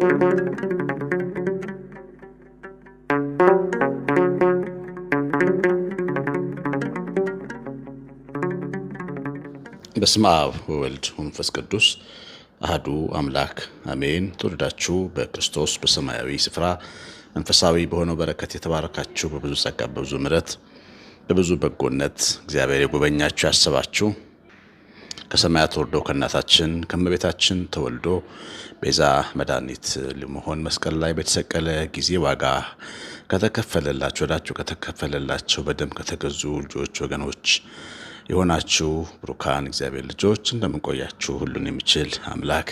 በስመ አብ ወወልድ ወመንፈስ ቅዱስ አህዱ አምላክ አሜን። ተወደዳችሁ በክርስቶስ በሰማያዊ ስፍራ መንፈሳዊ በሆነው በረከት የተባረካችሁ በብዙ ጸጋ በብዙ ምሕረት በብዙ በጎነት እግዚአብሔር የጎበኛችሁ ያስባችሁ ከሰማያት ወርዶ ከእናታችን ከመቤታችን ተወልዶ ቤዛ መድኃኒት ለመሆን መስቀል ላይ በተሰቀለ ጊዜ ዋጋ ከተከፈለላቸው ወዳቸው ከተከፈለላቸው በደም ከተገዙ ልጆች ወገኖች የሆናችሁ ብሩካን እግዚአብሔር ልጆች እንደምንቆያችሁ ሁሉን የሚችል አምላክ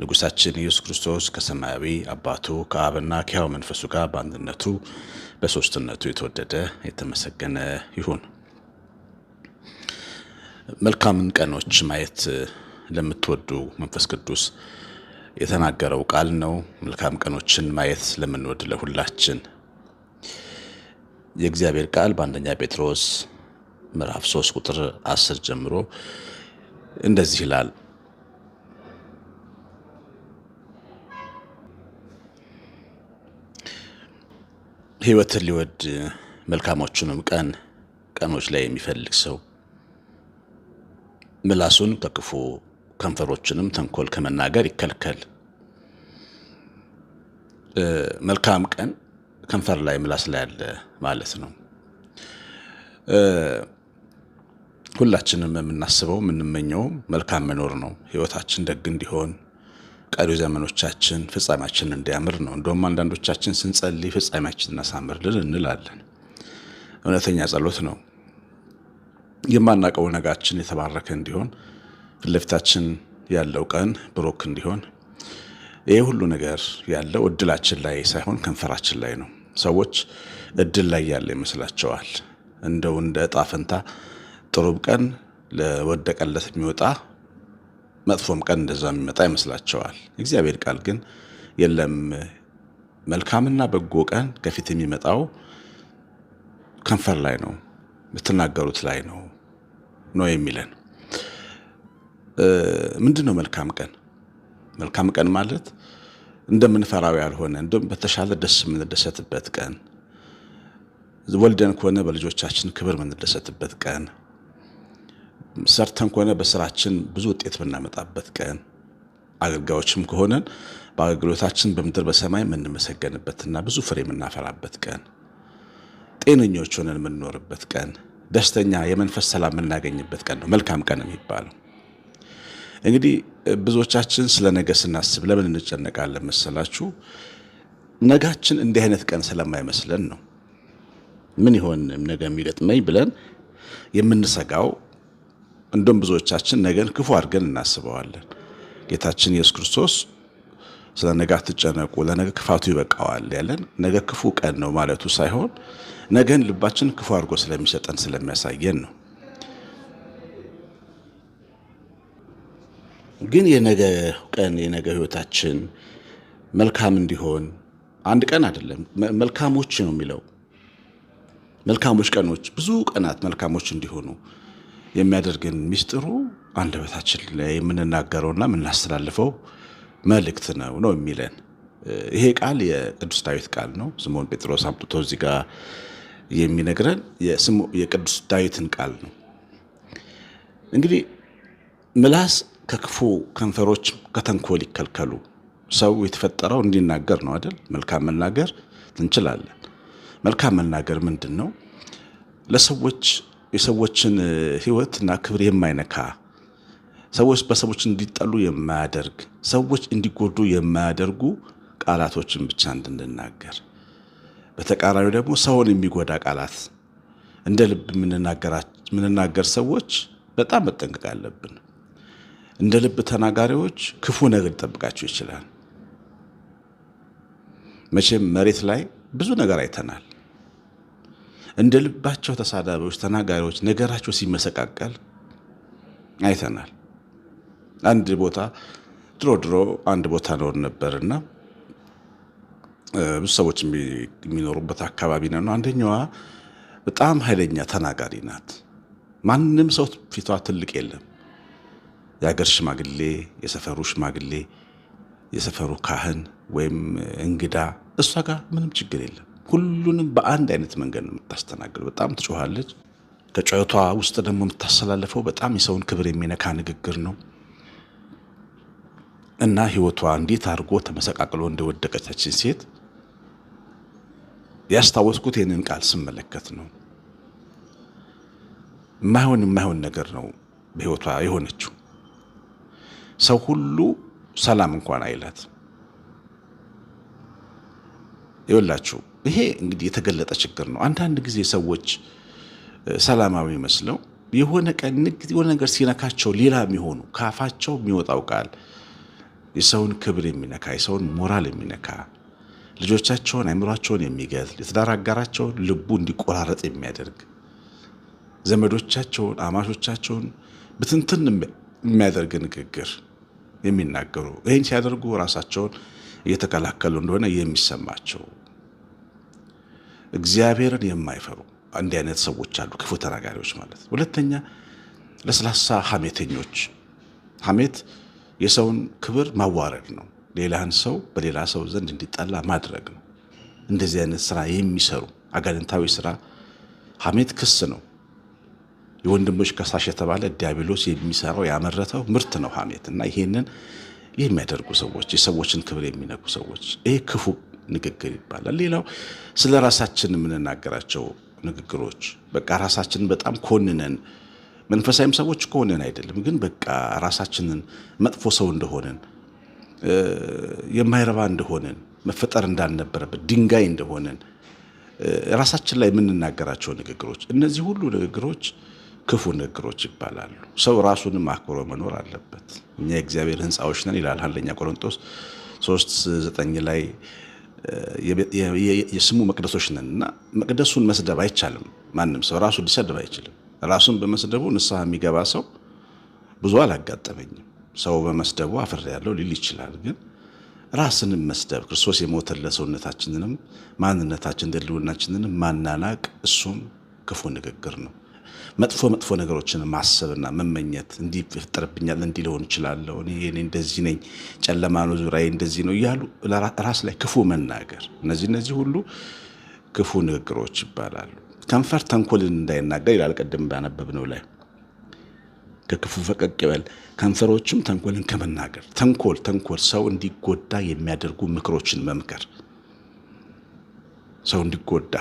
ንጉሳችን ኢየሱስ ክርስቶስ ከሰማያዊ አባቱ ከአብና ከያው መንፈሱ ጋር በአንድነቱ በሶስትነቱ የተወደደ የተመሰገነ ይሁን። መልካምን ቀኖች ማየት ለምትወዱ መንፈስ ቅዱስ የተናገረው ቃል ነው። መልካም ቀኖችን ማየት ለምንወድ ለሁላችን የእግዚአብሔር ቃል በአንደኛ ጴጥሮስ ምዕራፍ 3 ቁጥር 10 ጀምሮ እንደዚህ ይላል። ሕይወትን ሊወድ መልካሞቹንም ቀን ቀኖች ላይ የሚፈልግ ሰው ምላሱን ከክፉ ከንፈሮችንም ተንኮል ከመናገር ይከልከል። መልካም ቀን ከንፈር ላይ ምላስ ላይ ያለ ማለት ነው። ሁላችንም የምናስበው የምንመኘው መልካም መኖር ነው። ህይወታችን ደግ እንዲሆን፣ ቀሪ ዘመኖቻችን ፍጻሜያችን እንዲያምር ነው። እንደውም አንዳንዶቻችን ስንጸልይ ፍጻሜያችን እናሳምርልን እንላለን። እውነተኛ ጸሎት ነው። የማናውቀው ነጋችን የተባረከ እንዲሆን ፊት ለፊታችን ያለው ቀን ብሩክ እንዲሆን ይህ ሁሉ ነገር ያለው እድላችን ላይ ሳይሆን ከንፈራችን ላይ ነው። ሰዎች እድል ላይ ያለ ይመስላቸዋል። እንደው እንደ እጣ ፈንታ ጥሩም ቀን ለወደቀለት የሚወጣ መጥፎም ቀን እንደዛ የሚመጣ ይመስላቸዋል። እግዚአብሔር ቃል ግን የለም፣ መልካምና በጎ ቀን ከፊት የሚመጣው ከንፈር ላይ ነው፣ የምትናገሩት ላይ ነው፣ ነው የሚለን። ምንድን ነው መልካም ቀን? መልካም ቀን ማለት እንደምንፈራው ያልሆነ እንዲሁም በተሻለ ደስ የምንደሰትበት ቀን፣ ወልደን ከሆነ በልጆቻችን ክብር የምንደሰትበት ቀን፣ ሰርተን ከሆነ በስራችን ብዙ ውጤት የምናመጣበት ቀን፣ አገልጋዮችም ከሆነን በአገልግሎታችን በምድር በሰማይ የምንመሰገንበትና ብዙ ፍሬ የምናፈራበት ቀን፣ ጤነኞች ሆነን የምንኖርበት ቀን ደስተኛ የመንፈስ ሰላም የምናገኝበት ቀን ነው። መልካም ቀን የሚባለው እንግዲህ ብዙዎቻችን ስለ ነገ ስናስብ ለምን እንጨነቃለን መሰላችሁ? ነጋችን እንዲህ አይነት ቀን ስለማይመስለን ነው። ምን ይሆን ነገ የሚገጥመኝ ብለን የምንሰጋው። እንደም ብዙዎቻችን ነገን ክፉ አድርገን እናስበዋለን። ጌታችን ኢየሱስ ክርስቶስ ስለ ነገ አትጨነቁ፣ ለነገ ክፋቱ ይበቃዋል ያለን ነገ ክፉ ቀን ነው ማለቱ ሳይሆን ነገን ልባችን ክፉ አድርጎ ስለሚሰጠን ስለሚያሳየን ነው። ግን የነገ ቀን የነገ ህይወታችን መልካም እንዲሆን አንድ ቀን አይደለም፣ መልካሞች ነው የሚለው። መልካሞች ቀኖች ብዙ ቀናት መልካሞች እንዲሆኑ የሚያደርግን ሚስጥሩ አንደበታችን ላይ የምንናገረውና የምናስተላልፈው መልእክት ነው ነው የሚለን ይሄ ቃል የቅዱስ ዳዊት ቃል ነው። ስምዖን ጴጥሮስ አምጥቶ እዚህ ጋር የሚነግረን የቅዱስ ዳዊትን ቃል ነው። እንግዲህ ምላስ ከክፉ ከንፈሮች ከተንኮል ይከልከሉ። ሰው የተፈጠረው እንዲናገር ነው አይደል? መልካም መናገር እንችላለን። መልካም መናገር ምንድን ነው? ለሰዎች የሰዎችን ሕይወትና ክብር የማይነካ ሰዎች በሰዎች እንዲጠሉ የማያደርግ ሰዎች እንዲጎዱ የማያደርጉ ቃላቶችን ብቻ እንድንናገር በተቃራኒ ደግሞ ሰውን የሚጎዳ ቃላት እንደ ልብ የምንናገር ሰዎች በጣም መጠንቀቅ አለብን። እንደ ልብ ተናጋሪዎች ክፉ ነገር ሊጠብቃቸው ይችላል። መቼም መሬት ላይ ብዙ ነገር አይተናል። እንደ ልባቸው ተሳዳቢዎች፣ ተናጋሪዎች ነገራቸው ሲመሰቃቀል አይተናል። አንድ ቦታ ድሮ ድሮ አንድ ቦታ ኖር ነበርና ብዙ ሰዎች የሚኖሩበት አካባቢ ነው። አንደኛዋ በጣም ኃይለኛ ተናጋሪ ናት። ማንም ሰው ፊቷ ትልቅ የለም። የሀገር ሽማግሌ፣ የሰፈሩ ሽማግሌ፣ የሰፈሩ ካህን ወይም እንግዳ እሷ ጋር ምንም ችግር የለም። ሁሉንም በአንድ አይነት መንገድ ነው የምታስተናግደው። በጣም ትጮኋለች። ከጨቷ ውስጥ ደግሞ የምታስተላለፈው በጣም የሰውን ክብር የሚነካ ንግግር ነው እና ህይወቷ እንዴት አድርጎ ተመሰቃቅሎ እንደወደቀቻችን ሴት ያስታወስኩት ይህንን ቃል ስመለከት ነው። የማይሆን የማይሆን ነገር ነው በህይወቷ የሆነችው። ሰው ሁሉ ሰላም እንኳን አይላት። ይወላችሁ ይሄ እንግዲህ የተገለጠ ችግር ነው። አንዳንድ ጊዜ ሰዎች ሰላማዊ መስለው የሆነ ቀን የሆነ ነገር ሲነካቸው ሌላ የሚሆኑ ከአፋቸው የሚወጣው ቃል የሰውን ክብር የሚነካ የሰውን ሞራል የሚነካ ልጆቻቸውን አይምሯቸውን የሚገዝ የትዳር አጋራቸውን ልቡ እንዲቆራረጥ የሚያደርግ ዘመዶቻቸውን አማሾቻቸውን ብትንትን የሚያደርግ ንግግር የሚናገሩ ይህን ሲያደርጉ ራሳቸውን እየተከላከሉ እንደሆነ የሚሰማቸው እግዚአብሔርን የማይፈሩ እንዲህ አይነት ሰዎች አሉ፣ ክፉ ተናጋሪዎች ማለት። ሁለተኛ ለስላሳ ሐሜተኞች። ሐሜት የሰውን ክብር ማዋረድ ነው። ሌላን ሰው በሌላ ሰው ዘንድ እንዲጠላ ማድረግ ነው። እንደዚህ አይነት ስራ የሚሰሩ አጋንንታዊ ስራ ሐሜት ክስ ነው። የወንድሞች ከሳሽ የተባለ ዲያብሎስ የሚሰራው ያመረተው ምርት ነው ሐሜት እና ይሄንን የሚያደርጉ ሰዎች፣ የሰዎችን ክብር የሚነኩ ሰዎች ይህ ክፉ ንግግር ይባላል። ሌላው ስለ ራሳችን የምንናገራቸው ንግግሮች በቃ ራሳችንን በጣም ኮንነን መንፈሳዊም ሰዎች ከሆነን አይደለም ግን በቃ ራሳችንን መጥፎ ሰው እንደሆንን የማይረባ እንደሆነን መፈጠር እንዳልነበረበት ድንጋይ እንደሆነን ራሳችን ላይ የምንናገራቸው ንግግሮች፣ እነዚህ ሁሉ ንግግሮች ክፉ ንግግሮች ይባላሉ። ሰው ራሱንም አክብሮ መኖር አለበት። እኛ የእግዚአብሔር ሕንፃዎች ነን ይላል አንደኛ ቆሮንቶስ ሶስት ዘጠኝ ላይ የስሙ መቅደሶች ነን እና መቅደሱን መስደብ አይቻልም። ማንም ሰው ራሱ ሊሰድብ አይችልም። ራሱን በመስደቡ ንስሐ የሚገባ ሰው ብዙ አላጋጠመኝም። ሰው በመስደቡ አፍር ያለው ሊል ይችላል። ግን ራስንም መስደብ ክርስቶስ የሞተለ ሰውነታችንንም ማንነታችን ደልውናችንንም ማናናቅ እሱም ክፉ ንግግር ነው። መጥፎ መጥፎ ነገሮችን ማሰብና መመኘት እንዲህ እንዲ ሊሆን ይችላለሁ እኔ እንደዚህ ነኝ፣ ጨለማ ነው፣ ዙሪያዬ እንደዚህ ነው እያሉ ራስ ላይ ክፉ መናገር፣ እነዚህ እነዚህ ሁሉ ክፉ ንግግሮች ይባላሉ። ከንፈር ተንኮልን እንዳይናገር ይላል ቅድም ባነበብነው ላይ ከክፉ ፈቀቅ ይበል፣ ከንፈሮችም ተንኮልን ከመናገር ተንኮል ተንኮል ሰው እንዲጎዳ የሚያደርጉ ምክሮችን መምከር ሰው እንዲጎዳ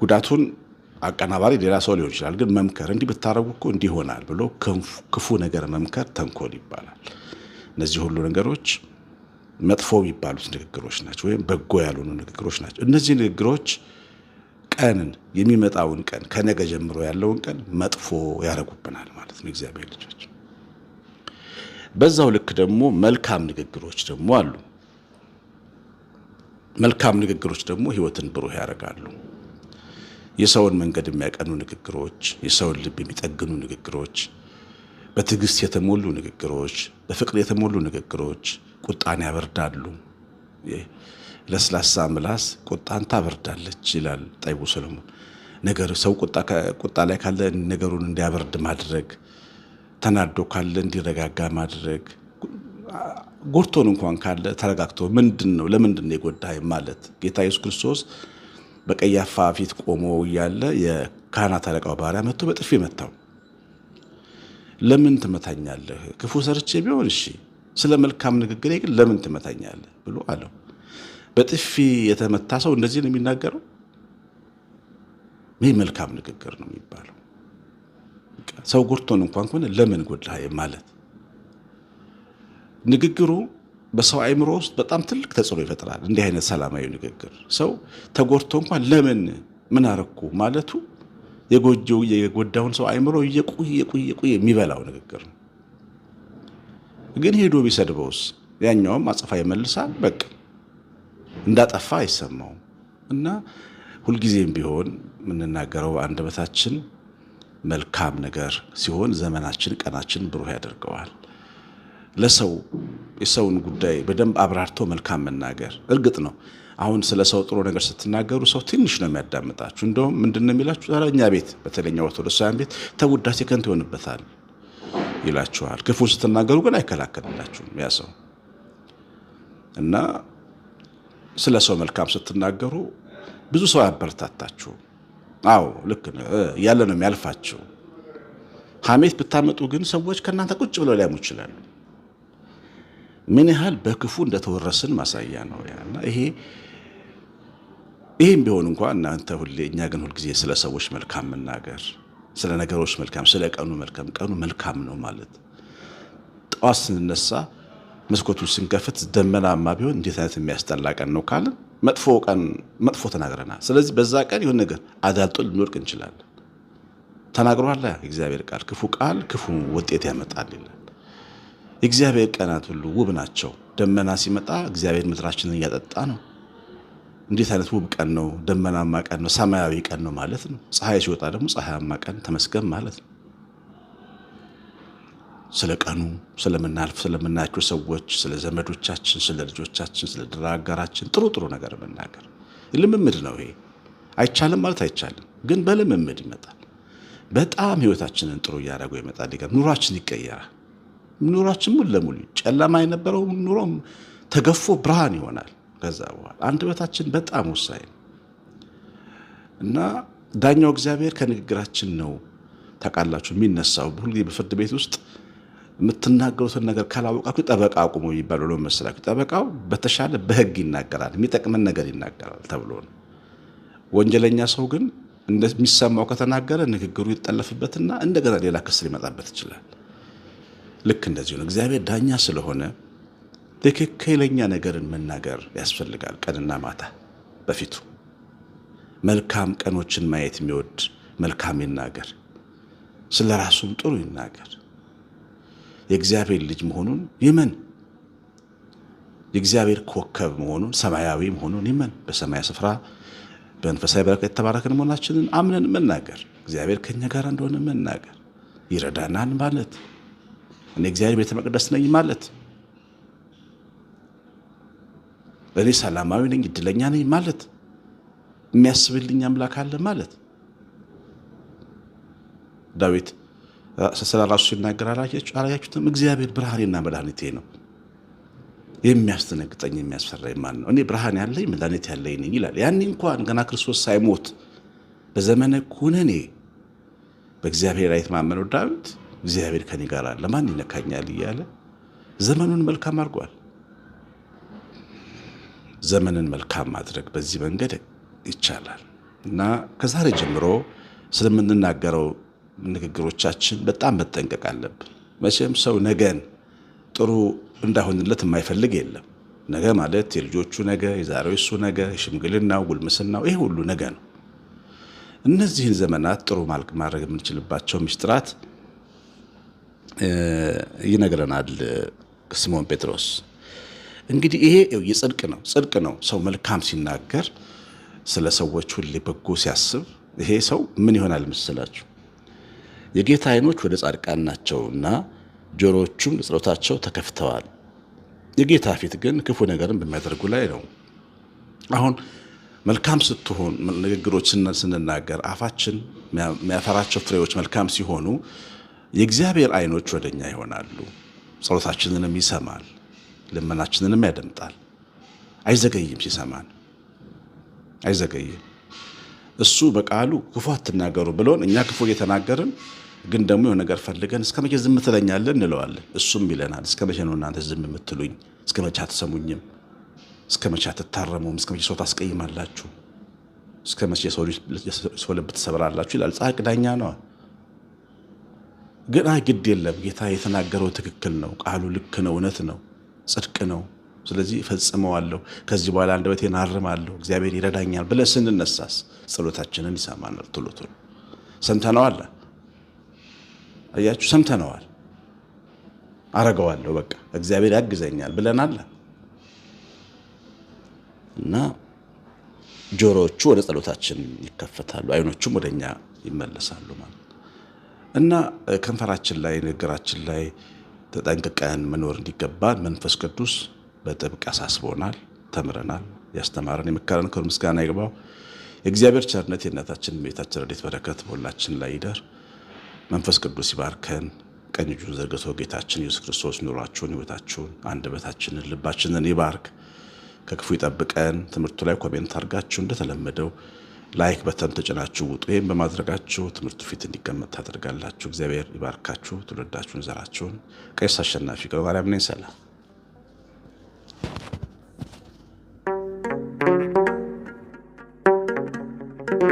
ጉዳቱን አቀናባሪ ሌላ ሰው ሊሆን ይችላል፣ ግን መምከር እንዲህ ብታረጉ እኮ እንዲህ ይሆናል ብሎ ክፉ ነገር መምከር ተንኮል ይባላል። እነዚህ ሁሉ ነገሮች መጥፎ የሚባሉት ንግግሮች ናቸው፣ ወይም በጎ ያልሆኑ ንግግሮች ናቸው። እነዚህ ንግግሮች ቀንን የሚመጣውን ቀን ከነገ ጀምሮ ያለውን ቀን መጥፎ ያደርጉብናል ማለት ነው እግዚአብሔር ልጆች። በዛው ልክ ደግሞ መልካም ንግግሮች ደግሞ አሉ። መልካም ንግግሮች ደግሞ ህይወትን ብሩህ ያደርጋሉ። የሰውን መንገድ የሚያቀኑ ንግግሮች፣ የሰውን ልብ የሚጠግኑ ንግግሮች፣ በትዕግስት የተሞሉ ንግግሮች፣ በፍቅር የተሞሉ ንግግሮች ቁጣን ያበርዳሉ። ለስላሳ ምላስ ቁጣን ታበርዳለች ይላል ጠቢቡ ሰሎሞን። ነገር ሰው ቁጣ ላይ ካለ ነገሩን እንዲያበርድ ማድረግ፣ ተናዶ ካለ እንዲረጋጋ ማድረግ፣ ጎርቶን እንኳን ካለ ተረጋግቶ ምንድን ነው ለምንድን ነው ማለት ጌታ ኢየሱስ ክርስቶስ በቀያፋ ፊት ቆሞ እያለ የካህናት አለቃው ባሪያ መጥቶ በጥፊ መታው። ለምን ትመታኛለህ? ክፉ ሰርቼ ቢሆን እሺ፣ ስለ መልካም ንግግሬ ግን ለምን ትመታኛለህ ብሎ አለው። በጥፊ የተመታ ሰው እንደዚህ ነው የሚናገረው? ይህ መልካም ንግግር ነው የሚባለው። ሰው ጎድቶን እንኳን ከሆነ ለምን ጎድላ ማለት ንግግሩ በሰው አእምሮ ውስጥ በጣም ትልቅ ተጽዕኖ ይፈጥራል። እንዲህ አይነት ሰላማዊ ንግግር ሰው ተጎድቶ እንኳን ለምን ምን አረኩ ማለቱ የጎጆው የጎዳውን ሰው አእምሮ እየቆየ የሚበላው ንግግር ነው። ግን ሄዶ ቢሰድበውስ ያኛውም አጽፋ ይመልሳል። በቃ እንዳጠፋ አይሰማውም እና ሁልጊዜም ቢሆን የምንናገረው አንደበታችን መልካም ነገር ሲሆን ዘመናችን፣ ቀናችን ብሩህ ያደርገዋል። ለሰው የሰውን ጉዳይ በደንብ አብራርቶ መልካም መናገር። እርግጥ ነው አሁን ስለ ሰው ጥሩ ነገር ስትናገሩ ሰው ትንሽ ነው የሚያዳምጣችሁ። እንደውም ምንድን ነው የሚላችሁ? እኛ ቤት በተለኛ ኦርቶዶክሳውያን ቤት ተውዳሴ ከንቱ ይሆንበታል ይላችኋል። ክፉ ስትናገሩ ግን አይከላከልላችሁም ያ ሰው እና ስለ ሰው መልካም ስትናገሩ ብዙ ሰው ያበረታታችሁ። አዎ ልክ ያለ ነው የሚያልፋችሁ። ሐሜት ብታመጡ ግን ሰዎች ከእናንተ ቁጭ ብለው ሊያሙ ይችላሉ። ምን ያህል በክፉ እንደተወረስን ማሳያ ነው። ያና ይሄ ይህም ቢሆን እንኳ እናንተ ሁሌ እኛ ግን ሁልጊዜ ስለ ሰዎች መልካም መናገር፣ ስለ ነገሮች መልካም፣ ስለ ቀኑ መልካም ቀኑ መልካም ነው ማለት ጠዋት ስንነሳ መስኮቱን ስንከፍት ደመናማ ቢሆን እንዴት አይነት የሚያስጠላ ቀን ነው ካልን መጥፎ ቀን መጥፎ ተናግረናል። ስለዚህ በዛ ቀን ይሁን ነገር አዳልጦ ልንወድቅ እንችላለን። ተናግሯል እግዚአብሔር ቃል ክፉ ቃል ክፉ ውጤት ያመጣል ይላል። የእግዚአብሔር ቀናት ሁሉ ውብ ናቸው። ደመና ሲመጣ እግዚአብሔር ምድራችንን እያጠጣ ነው። እንዴት አይነት ውብ ቀን ነው! ደመናማ ቀን ነው፣ ሰማያዊ ቀን ነው ማለት ነው። ፀሐይ ሲወጣ ደግሞ ፀሐያማ ቀን ተመስገን ማለት ነው። ስለ ቀኑ ስለምናልፍ ስለምናያቸው ሰዎች፣ ስለ ዘመዶቻችን፣ ስለ ልጆቻችን፣ ስለ ድራ አጋራችን ጥሩ ጥሩ ነገር መናገር ልምምድ ነው። ይሄ አይቻልም ማለት አይቻልም፣ ግን በልምምድ ይመጣል። በጣም ህይወታችንን ጥሩ እያደረገው ይመጣል። ይገርም ኑሯችን ይቀየራል። ኑሯችን ሙሉ ለሙሉ ጨለማ የነበረው ኑሮም ተገፎ ብርሃን ይሆናል። ከዛ በኋላ አንደበታችን በጣም ወሳኝ ነው እና ዳኛው እግዚአብሔር ከንግግራችን ነው ታውቃላችሁ የሚነሳው ሁልጊዜ በፍርድ ቤት ውስጥ የምትናገሩትን ነገር ካላወቃችሁ ጠበቃ አቁሙ ይባሉ ነው መሰላችሁ። ጠበቃው በተሻለ በህግ ይናገራል፣ የሚጠቅመን ነገር ይናገራል ተብሎ ነው። ወንጀለኛ ሰው ግን እንደሚሰማው ከተናገረ ንግግሩ ይጠለፍበትና እንደገና ሌላ ክስ ሊመጣበት ይችላል። ልክ እንደዚሁ ነው። እግዚአብሔር ዳኛ ስለሆነ ትክክለኛ ነገርን መናገር ያስፈልጋል። ቀንና ማታ በፊቱ መልካም ቀኖችን ማየት የሚወድ መልካም ይናገር፣ ስለ ራሱም ጥሩ ይናገር። የእግዚአብሔር ልጅ መሆኑን ይመን። የእግዚአብሔር ኮከብ መሆኑን ሰማያዊ መሆኑን ይመን። በሰማይ ስፍራ በመንፈሳዊ በረከት የተባረክን መሆናችንን አምነን መናገር፣ እግዚአብሔር ከኛ ጋር እንደሆነ መናገር፣ ይረዳናል ማለት እኔ እግዚአብሔር ቤተ መቅደስ ነኝ ማለት፣ እኔ ሰላማዊ ነኝ እድለኛ ነኝ ማለት፣ የሚያስብልኝ አምላክ አለ ማለት ዳዊት ስለ ራሱ ሲናገር አላያችሁትም? እግዚአብሔር ብርሃኔና መድኃኒቴ ነው። የሚያስደነግጠኝ የሚያስፈራኝ ማን ነው? እኔ ብርሃን ያለኝ መድኃኒት ያለኝ ነኝ ይላል። ያኔ እንኳን ገና ክርስቶስ ሳይሞት በዘመነ ኩነኔ በእግዚአብሔር ላይ የተማመነው ዳዊት እግዚአብሔር ከኔ ጋር አለ፣ ማን ይነካኛል እያለ ዘመኑን መልካም አድርጓል። ዘመንን መልካም ማድረግ በዚህ መንገድ ይቻላል እና ከዛሬ ጀምሮ ስለምንናገረው ንግግሮቻችን በጣም መጠንቀቅ አለብን። መቼም ሰው ነገን ጥሩ እንዳይሆንለት የማይፈልግ የለም። ነገ ማለት የልጆቹ ነገ፣ የዛሬው እሱ ነገ፣ የሽምግልናው፣ ጉልምስናው ይህ ሁሉ ነገ ነው። እነዚህን ዘመናት ጥሩ ማድረግ የምንችልባቸው ምስጢራት ይነግረናል ስምዖን ጴጥሮስ። እንግዲህ ይሄ የጽድቅ ነው ጽድቅ ነው። ሰው መልካም ሲናገር፣ ስለ ሰዎች ሁሌ በጎ ሲያስብ፣ ይሄ ሰው ምን ይሆናል ምስላችሁ? የጌታ ዓይኖች ወደ ጻድቃን ናቸውና ጆሮዎቹም ለጸሎታቸው ተከፍተዋል። የጌታ ፊት ግን ክፉ ነገርን በሚያደርጉ ላይ ነው። አሁን መልካም ስትሆን ንግግሮች ስንናገር አፋችን የሚያፈራቸው ፍሬዎች መልካም ሲሆኑ የእግዚአብሔር ዓይኖች ወደኛ ይሆናሉ። ጸሎታችንንም ይሰማል፣ ልመናችንንም ያደምጣል። አይዘገይም ሲሰማን አይዘገይም። እሱ በቃሉ ክፉ አትናገሩ ብሎን እኛ ክፉ እየተናገርን ግን ደግሞ የሆነ ነገር ፈልገን እስከ መቼ ዝም ትለኛለን እንለዋለን። እሱም ይለናል እስከ መቼ ነው እናንተ ዝም የምትሉኝ? እስከ መቼ አትሰሙኝም? እስከ መቼ አትታረሙም? እስከ መቼ ሰው ታስቀይማላችሁ? እስከ መቼ ሰው ልብ ትሰብራላችሁ? ይላል። ጻድቅ ዳኛ ነው። ግን አይ ግድ የለም ጌታ የተናገረው ትክክል ነው፣ ቃሉ ልክ ነው፣ እውነት ነው፣ ጽድቅ ነው። ስለዚህ እፈጽመዋለሁ፣ ከዚህ በኋላ አንደበቴን አርማለሁ፣ እግዚአብሔር ይረዳኛል ብለን ስንነሳስ ጸሎታችንን ይሰማናል። ቶሎ ቶሎ ሰምተነዋል። እያችሁ ሰምተነዋል። አረገዋለሁ፣ በቃ እግዚአብሔር ያግዘኛል ብለናል እና ጆሮዎቹ ወደ ጸሎታችን ይከፈታሉ፣ አይኖቹም ወደ እኛ ይመለሳሉ ማለት እና ከንፈራችን ላይ ንግግራችን ላይ ተጠንቅቀን መኖር እንዲገባ መንፈስ ቅዱስ በጥብቅ አሳስቦናል፣ ተምረናል። ያስተማረን የመከረን ክብር ምስጋና ይግባው። የእግዚአብሔር ቸርነት የእናታችን ቤታችን ረድኤት በረከት በሁላችን ላይ ይደር። መንፈስ ቅዱስ ይባርከን። ቀኝ እጁን ዘርግቶ ጌታችን ኢየሱስ ክርስቶስ ኑሯችሁን፣ ህይወታችሁን፣ አንደበታችንን፣ ልባችንን ይባርክ፣ ከክፉ ይጠብቀን። ትምህርቱ ላይ ኮሜንት አድርጋችሁ እንደተለመደው ላይክ በተን ተጭናችሁ ውጡ። ይህም በማድረጋችሁ ትምህርቱ ፊት እንዲቀመጥ ታደርጋላችሁ። እግዚአብሔር ይባርካችሁ፣ ትውልዳችሁን፣ ዘራችሁን። ቄስ አሸናፊ ገብረማርያም ነኝ። ሰላም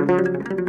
thank you